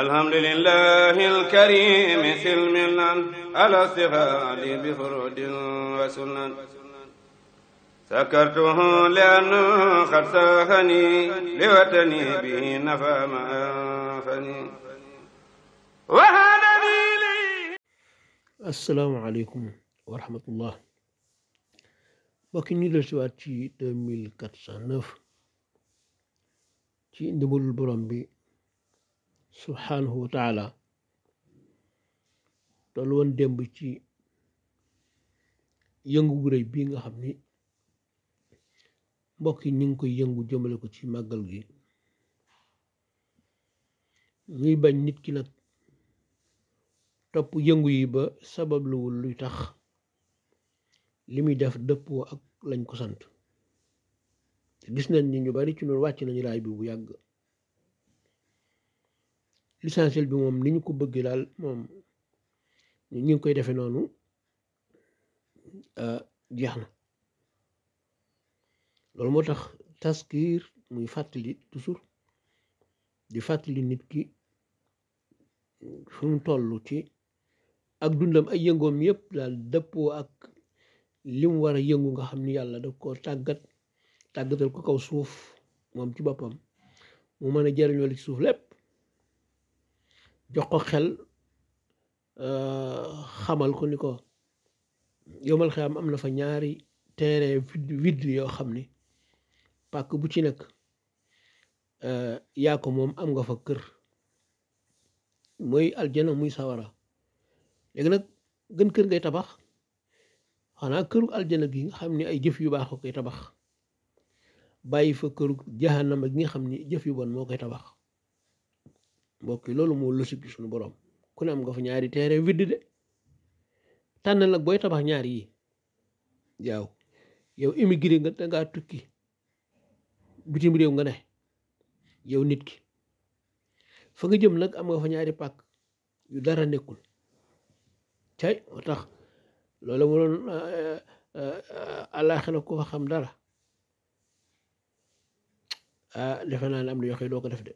الحمد لله الكريم سلمنا على استفاد بفرود وسنن سكرته لأنه قد ساهني لوطني به نفى ما أنفني وهذا لي السلام عليكم ورحمة الله mbokk ñu del siwaat ci 2409 ci ndimbalul borom bi subhaanahu wa taala toll woon démb ci yëngu bu rëy bii nga xam ni mbokk yi ñu ngi koy yëngu jëmale ko ci màggal gi ñuy bañ nit ki nag topp yëngu yi ba sababluwul luy tax li muy def dëppoo ak lañ ko sant te gis nañ ni ñu bari ci loolu wàcc nañu raay bi bu yàgg l'essentiel bi moom ni ñu ko bëggee daal moom ñu ngi koy defee noonu euh, jeex na loolu moo tax taskiir muy fàttali toujours di fàttali nit ki fu tollu ci ak dundam ay yëngoom yëpp daal dëppoo ak li mu war a yëngu nga xam ni yàlla daf koo tàggat tàggatal ko kaw suuf moom ci boppam mu mën a jëriñoo li ci suuf lépp jox ko xel euh, xamal ko ni ko yomal xiyam am na fa ñaari terrain vide yoo xam ni pàkk bu ci nekk euh, yaa ko moom am nga fa kër mooy aljana muy sawara léegi nag gën kër ngay tabax xanaa këru aljana gi nga xam ne ay jëf yu baax ko koy tabax bàyyi fa këru jahannama gi nga xam ni jëf yu bon moo koy tabax mbokk yi loolu moo logique bi suñu borom ku ne am nga fa ñaari teere vide de tànnal nag booy tabax ñaari yi yaaw yow immigré nga dangaa tukki bitim réew nga ne yow nit ki fa nga jëm nag am nga fa ñaari pàkk yu dara nekkul cay moo tax loolu mu doon euh, euh, àllaaxira ku fa xam dara ah defe naa ne am na yoo xam doo ko def de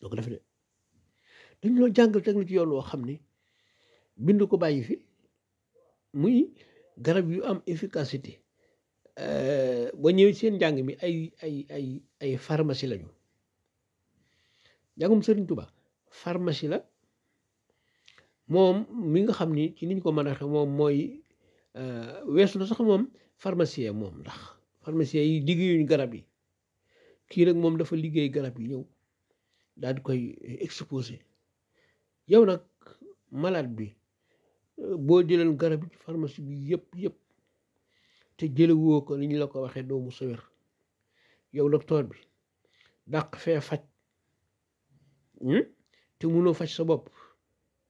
doo ko def de dañ loo jàngal teg la ci yoon woo xam ni bind ko bàyyi fi muy garab yu am efficacité euh, ba ñëwee seen njàng mi ay ay ay ay pharmacie lañu njàngum Sëriñ Tuba pharmacie la moom mi nga xam ni ci niñ ko mën a waxee moom mooy euh, weesu na sax moom pharmacien moom ndax pharmacien yi liggéeyuñu garab yi kii nag moom dafa liggéey garab yi ñëw daal di koy eh, exposé yow nag malade bi euh, boo jëloon garab yi pharmacie bi yëpp yëpp te jëlewoo ko li ñu la ko waxee doo mu sawér yow docteur bi daq fee faj hmm? te mënoo faj sa bopp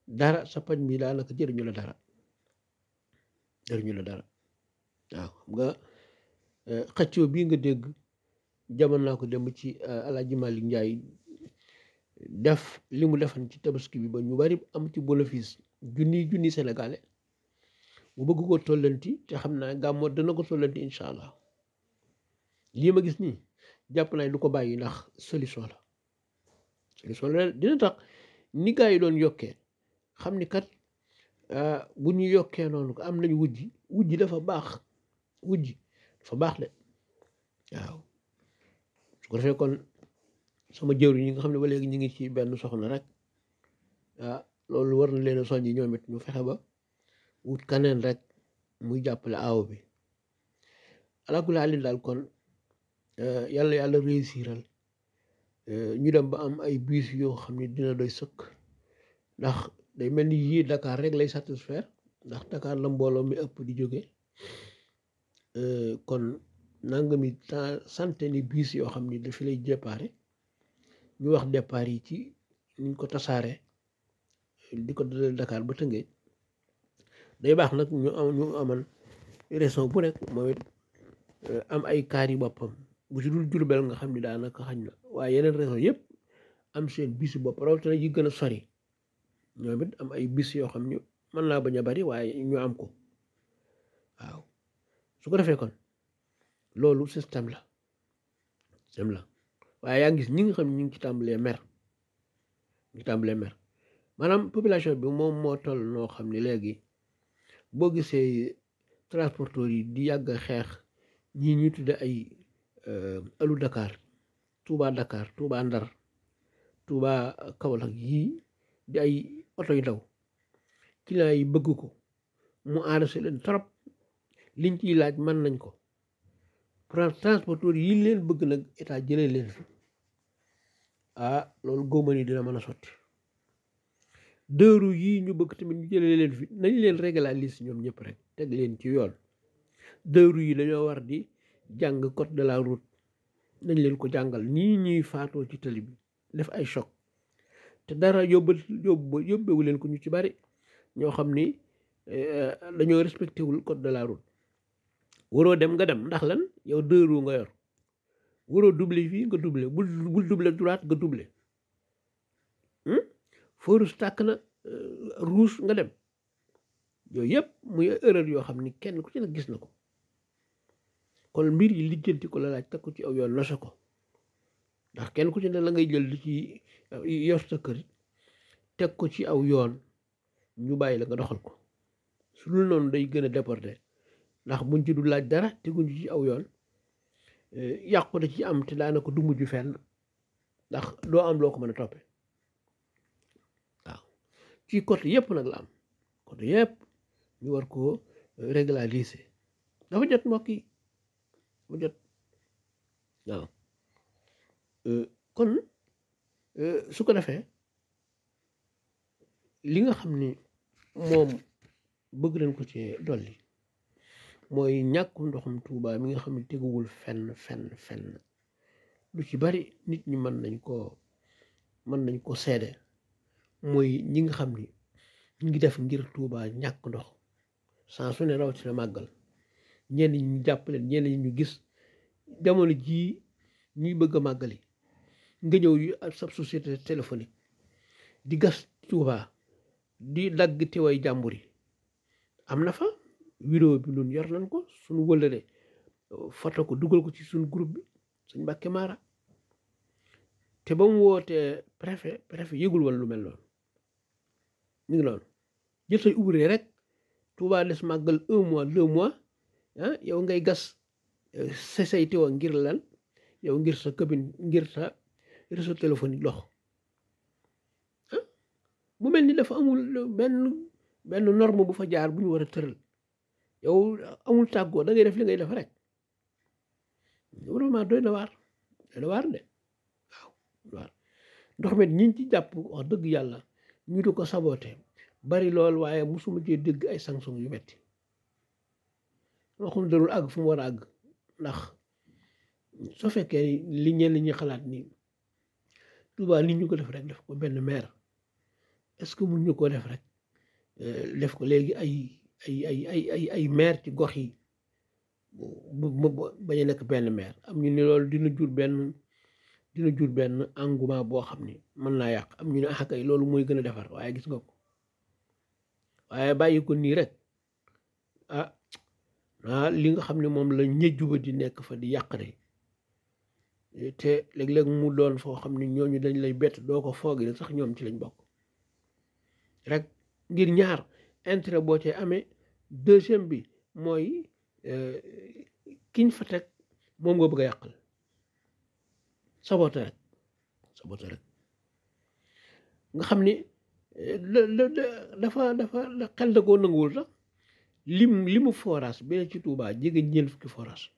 dara sa paj mi daanaka jëriñu la dara jëriñu la dara waaw nga euh, xëccoo bii nga dégg jamono naa ko dem ci euh, Alaaji Malick Ndiaye def li mu defan ci tabaski bi ba ñu bari am ci bénéfice junni junni senegale mu bëgg ko tollanti te xam naa gàmmo dana ko tollanti incha allah lii ma gis nii jàpp naa du ko bàyyi ndax solution la solution dina tax ni gaa yi doon yokkee xam ni kat euh, bu ñu yokkee noonu am nañu wujji wujji dafa baax wujji dafa baax de waaw su ko defee kon sama jëwri ñi nga xam ne ba léegi ñu ngi ci benn soxna rek ah loolu war na leen a soññi ñoom ñu fexe ba wut kaneen rek muy jàppale aaw bi alaakulaa lin daal kon eh, yàlla yàlla réussiral eh, ñu dem ba am ay biis yoo xam ne dina doy sëkk ndax day mel ni yii dakaar rek lay satisfaire ndax Dakar la mbooloo mi ëpp di jóge eh, kon nangami temps centaine ni biis yoo xam ni dafa lay jépaare ñu wax départ yi ci niñ ko tasaare di ko dalal Dakar ba Tëngéej day baax nag ñu am ñu amal région bu nekk moom euh, am ay kaari boppam bu ci jur Jurbel nga xam ni daanaka xañ na waaye yeneen région yëpp am seen bisu bopp rawatina yi gën a sori ñoom am ay bis yoo xam ni mën naa bañ a bari waaye ñu am ko waaw ko defee kon loolu système la système la waaye yaa ngi gis ñi nga xam ne ñu ngi ci tàmbalee mer ñu ngi tàmbalee maanaam population bi moom moo toll noo xam ni léegi boo gisee transporteur yi di yàgg xeex ñii ñu tudde ay euh, alu Dakar Touba Dakar Touba Ndar Touba Kaolack yii di ay oto yu ndaw client yi bëgg ko mu arrangé leen trop liñ yi laaj mën nañ ko transporteur yi leen bëgg nag état jëlee leen fi ah loolu góoma ni dina mën a sotti deux roues yii ñu bëgg tamit ñu jëlee leen fi nañ leen si ñoom ñëpp rek teg leen ci yoon deux yi dañoo war di jàng code de la route nañ leen ko jàngal nii ñuy faatoo ci tali bi def ay choc te dara yóbba yóbbu yóbbewu leen ko ñu ci bari ñoo xam ni eh, eh, dañoo respecté wul code de la route waroo dem nga dem ndax lan yow deux nga yor waroo duble fii nga duble bul duble doubler droite nga duble hmm? foo ruus tàkk na euh, ruus nga dem yooyu yëpp muy erreur yoo xam ni kenn ku ci ne gis na ko kon mbir yi lijjanti ko la laaj teg ko ci aw yoon nose ko ndax kenn ku ci la ngay jël di ci euh, sa kër teg ko ci aw yoon ñu bàyyi la nga doxal ko su dul noonu day gën a déporté ndax mu ci laaj dara teguñ ci aw yoon Eh, yàqu da ci am te daanaka du mujj fenn ndax doo am loo ko mën a toppee waaw ci côté yëpp nag la am côté yëpp ñu war ko eh, régulariser dafa jot mbokk yi dafa jot waaw eh, kon su ko defee li nga xam ni moom bëgg nañ ko ci dolli mooy ñàkk ndoxum tuubaa mi nga xam ne teguwul fenn fenn fenn lu ci bari nit ñi mën nañ koo mën nañ ko seede mooy ñi nga xam ni ñu ngi def ngir Tuuba ñàkk ndox saa su ne rawatina màggal ñenn ñi ñu jàppale ñenn ñi ñu gis jamono jii ñuy bëgg a màggali nga ñëw yu ak sab société téléphonique di gas Tuuba di dagg teeway jàmbur yi am na fa vidéo bi ñun yor nañ ko suñu wëlëre euh, foto ko dugal ko ci suñu group bi suñ Mbàkke Mara te ba mu wootee préfet préfet yëgul woon lu mel noonu ñu ngi loolu jël say rek Touba des màggal mois deux mois ah, yow ngay gas euh, sa say ngir lan yow ngir sa cabine ngir sa réseau téléphone yi dox ah, mel ni dafa amul benn benn bu fa jaar bu ñu war a tëral yow amul tàggoo da ngay def li ngay def rek vraiment doy na ndox mi ñi ci jàpp wax dëgg yàlla ñu di ko saboté bari lool waaye musuma cee dëgg ay sanction yu metti waxul dalul àgg fu mu war a àgg ndax soo fekkee li ñenn ñi xalaat ni Touba li ñu ko def rek def ko benn meer est-ce que mun ñu ko def rek euh, def ko léegi ay ay ay ay ay ay maire ci gox yi mu bañ a nekk benn maire am ñu ni loolu dina jur benn dina jur benn engouement boo xam ne mën naa yàq am ñu ne ah kay loolu mooy gën a defar waaye gis nga ko waaye bàyyi ko nii rek ah ah li nga xam ne moom lañ la ñëjjuba di nekk fa di yàq rek te léeg-léeg mu doon foo xam ne ñooñu dañ lay bett doo ko foog sax ñoom ci lañ bokk rek ngir ñaar. intérêt boo ci amee deuxième bi mooy euh, kiñ fa teg moom nga bëgg a yàqal sabote rek nga xam ni euh, dafa dafa xel da koo nanguwul sax li mu forage bee ci Touba jege ñeent fukki forage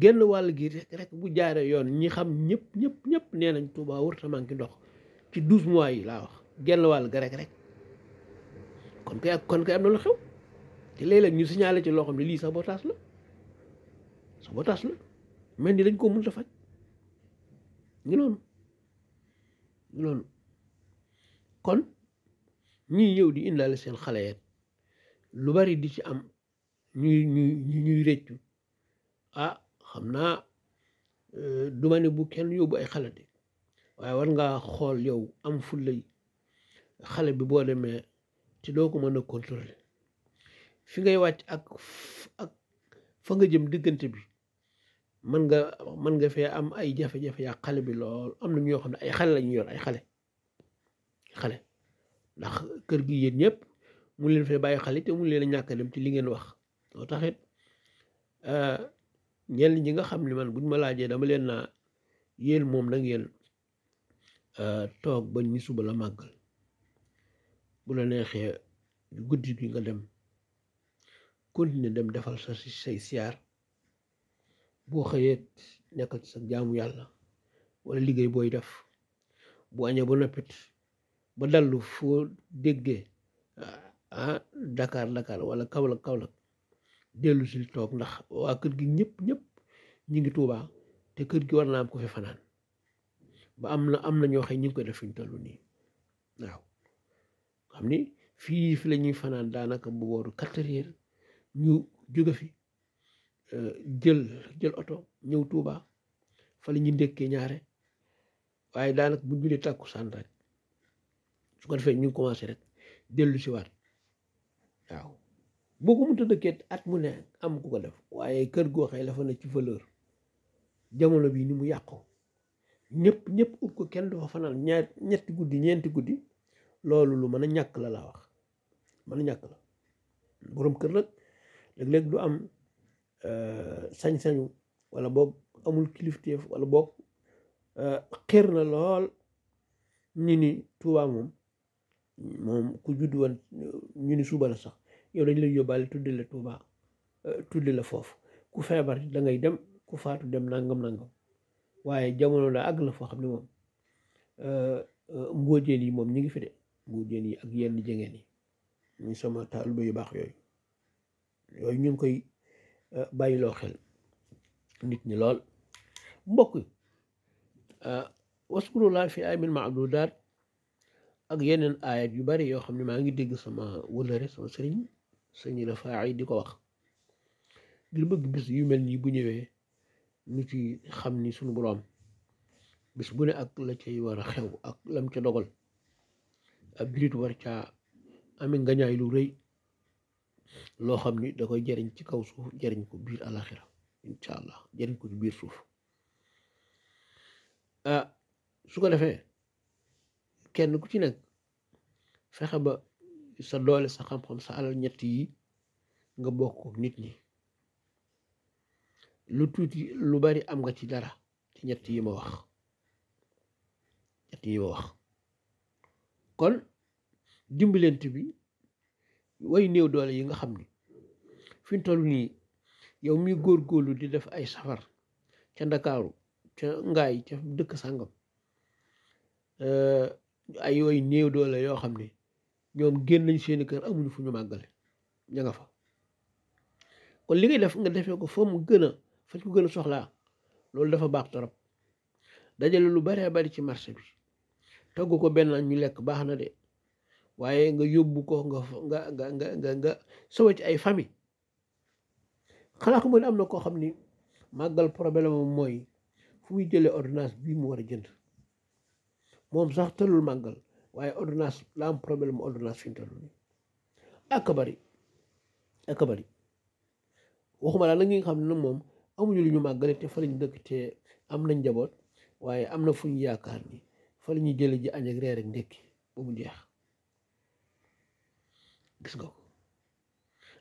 genn wàll gi rek rek bu jaaree yoon ñi xam ñëpp ñëpp ñëpp nee nañ Touba wërta manqué ndox ci douze mois yi laa wax genn wàll ga rek rek kon kay kon kay am na lu xew te léeg-léeg ñu signalé ci loo xam ne lii sabotage la sabotage la mel ni dañ koo mënut a faj ñu noonu ñu noonu kon ñuy ñëw di indaale seen xale yeet lu bari di ci am ñuy ñuy ñuy réccu ah xam naa euh, du ma bu kenn yóbbu ay xale de waaye war ngaa xool yow am fulla xale bi boo demee te doo ko mën a contrôler fi ngay wàcc ak ak fa nga jëm diggante bi mën nga mën nga fee am ay jafe-jafe yaa xale bi lool am na ñuy xam ne ay xale la ñu ay xale xale ndax kër gi yéen ñëpp mu leen fee bàyyi xale te mu leen a ñàkk dem ci li ngeen wax loo taxit euh, ñenn ñi nga xam ne man buñ ma laajee dama leen naa yéen moom da ngeen euh, toog ba ñu suba la màggal bu la neexee guddi gi nga dem continuer dem defal sa si say siyaar boo xëyee nekkal ci sa jaamu yàlla wala liggéey booy def bu añee ba noppit ba dallu foo déggee dakaar ah, ah, Dakar Dakar wala Kaolack Kaolack dellu si toog ndax waa kër gi ñëpp ñëpp ñu ngi Tuubaa te kër gi war naa am ko fi fanaan ba am na am na ñoo xam ñu ngi koy def fi ñu toll nii waaw. xam ni fii fi la ñuy fanaan daanaka bu booru quatre heures ñu jóge fi euh, jël jël oto ñëw Touba fa la ñuy ndékkee ñaare waaye daanaka bu julli tàkkusaan rek su ko defee ñu commencé rek dellu si waat waaw boo ko mënta dëkkee at mu ne am ku ko def waaye kër goo xëy la fa ne ci valeur jamono bii ni mu yàqu ñëpp ñëpp ut ko kenn du fa fanaan ñaar guddi ñeenti guddi loolu lu mën a ñàkk la laa wax mën a ñàkk la boroom kër nag léeg-léeg du am euh, sañ-sañu wala boog amul kilifteef walla boog euh, xër na lool ñu ni Tuubaa moom moom ku judd woon ñu ni suba la sax yow dañ lay yóbbaale tudde la Tuubaa euh, tudde la foofu ku feebar da dem ku faatu dem nangam nangam waaye jamono daa àgg la foo xam ne moom mbóojeel yi moom ñu ngi fi de buujeen yi ak yenn jegeen yi muy sama taalibe yu baax yooyu yooyu ñu ngi koy eh, loo xel nit ñi lool mbokk yi eh, waskurulaa fi aymin maadudaat ak yeneen aayat yu bari yoo xam ne maa ngi dégg sama wëlëre sama sëriñ sëñ yi di ko wax ngir bëgg bis yu mel nii bu ñëwee ñu ci xam ni sunu boroom bis bu ne ak la cay war a xew ak lam ca dogal ab julit war ca caa nga ngañaay lu rëy loo xam ni da koy jariñ ci kaw suuf jariñ ko biir alaxira incha allah jariñ ko ci biir suuf ah su ko defee kenn ku ci nekk fexe ba sa doole sa xam-xam sa alal ñett yi nga bokk ak nit ñi lu tuuti lu bari am nga ci dara ci ñett yi ma wax ñett yi ma wax kon dimbalante bi way néew doole yi nga xam ni fi mu toll nii yow mi góorlu di def ay safar ca ndakaaru ca ngaay ca dëkk sàngam euh, ay way néew doole yoo xam ni ñoom génn nañ seeni kër amuñu fu ñu màggale ñu nga fa kon li ngay def nga defee ko fa mu gën a fa ko gën a soxlaa loolu dafa baax torop dajale lu baree bari ci marché bi togg ko benn añ ñu lekk baax na de waaye nga yóbbu ko nga nga nga nga nga ci ay famille xanaa ko mën am na koo xam ni màggal problème am mooy fu muy jëlee ordinance bii mu war a jënd moom sax tëlul màggal waaye ordonnance la am problème ordonnance fi mu toll nii ak bari ak bari waxuma nga xam ne moom amuñu lu ñu màggale te fa lañ dëkk te am nañ njaboot waaye am na fu ñu yaakaar ni fa la ñuy jële ji añ ak reer ak ndékki ba mu jeex gis nga ko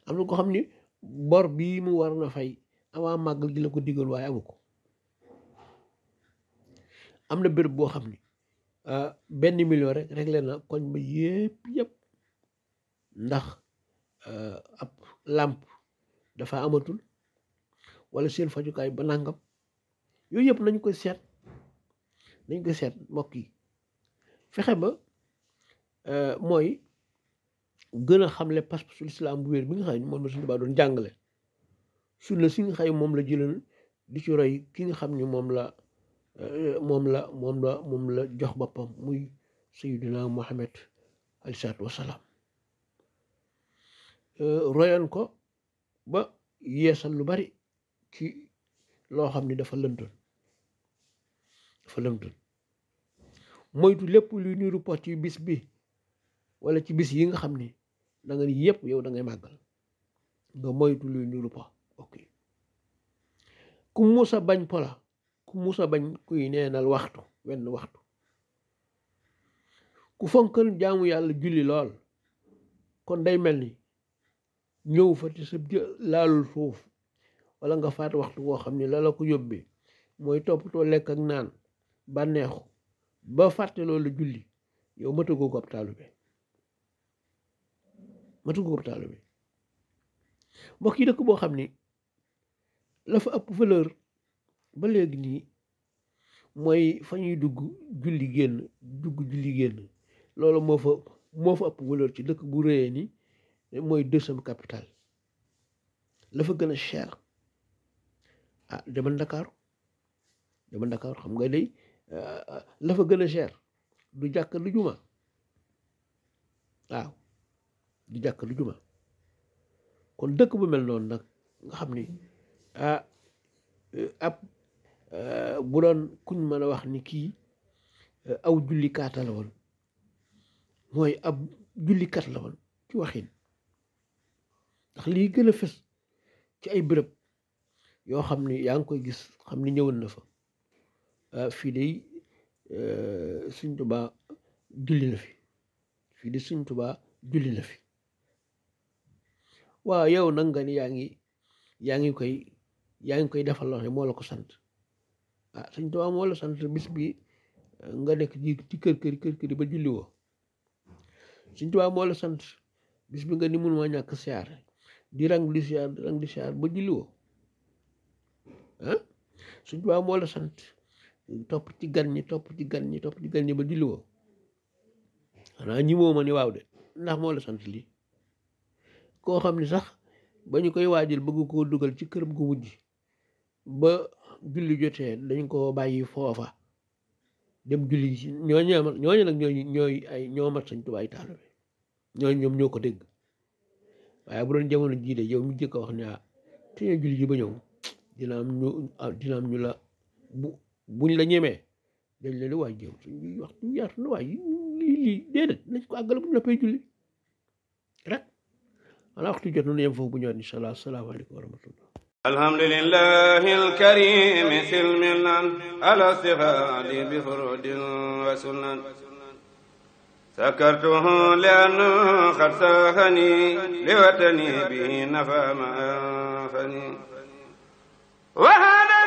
am na ko xam ni bor bii mu war na fay avant màggal gi la ko digal waaye amu ko am na béréb boo xam ni ah, benn million rek réglé na koñ ba yëpp yëpp ndax ah, ab dafa amatul wala seen fajukaay ba nangam yooyu yëpp nañ ko seet nañ ko seet mbokk yi fexe ba euh, mooy gën a xamle pas-pasu lislaam bu wér bi nga xam ne moom la suñu baa doon jàngale sur le si nga xam moom la jëloon di ci roy ki nga xam ni moom la euh, moom la moom la moom la jox boppam muy sayidina Muhammad alayhi salaatu wasalaam euh, royan ko ba yeesal lu bari ci loo xam ne dafa lëntoon dafa lëntoon moytu lépp luy niru pot ci bis bi wala ci bis yi nga xam ni da nga ni yëpp yow dangay ngay màggal nga moytu luy niru pot ok ku musa bañ pola ku musa bañ kuy neenal waxtu wenn waxtu ku fonkal jaamu yàlla julli lool kon day mel ni ñëw fa te sa laalul suuf wala nga faat waxtu woo xam ni la la ko yóbbee mooy toppatoo lekk ak naan bànneexu ba fàtte loolu julli yow matagoo ko ab bi matagoo ko ab taalube mbokk yi dëkk boo xam ni la fa ëpp valeur ba léegi nii mooy fa ñuy dugg julli génn dugg julli génn loolu moo fa moo fa ëpp valeur ci dëkk bu réyee ni mooy deuxième capital la fa gën a cher ah demal Ndakaaru demal Ndakaaru xam nga day la euh, fa gën a cher du jàkk lu juma waaw du jàkk lu juma kon dëkk bu mel noonu nag nga xam ni ah euh, ab euh, bu doon kuñ mën a wax ni kii aw jullikaata la woon mooy ab jullikat la woon ci waxin ndax lii gën a fës ci ay bërëb yoo xam ni yaa ngi koy gis xam ni ñëwoon na fa Euh, fii de euh, suñ tubaa julli na fi fii de suñ tubaa julli na fi waa yow nag nga ni yaa ngi yaa ngi koy yaa ngi koy defal loxo xam ne moo la ko sant ah suñ tubaa euh, moo la sant bis bi nga nekk ci kër kër kër kër ba julli woo sant bis bi nga ni mun ma ñàkk siyaar di rang di siyaar di rang di siyaar ba julli woo ah, suñ tubaa moo la sant topp ci gan ñi topp ti gan ñi topp ci gan ñi ba julli woo xanaa ñi moo ma ni waaw de ndax moo la sant lii koo xam ne sax ba ñu koy waajal bëgg ko dugal ci këram gu mujj ba julli jotee dañ ko bàyyi foofa dem julli ci ñooñu ñooñu nag ñooy ñooy ñoo mat sañ tubaay taalo ñoom ñoo ko dégg waaye bu doon jamono jii de yow mu jëkk a wax ne a ah, te julli ji ba ñëw dina ah, ñu la buñ la ñemee dañ la ne waay jéem suñ bi wax ñu yaatu na waay lii lii déedéet nañ ko àggale bu ñu noppee julli rek ala waxtu jot nu yem foofu bu ñëwaat incha allah asalaamaaleykum wa rahmatullah alhamdulillahi alkarim silmilan ala sihadi bi furudin wa sunan سكرته لأنه قد ساخني لوطني به نفى ما أنفني وهذا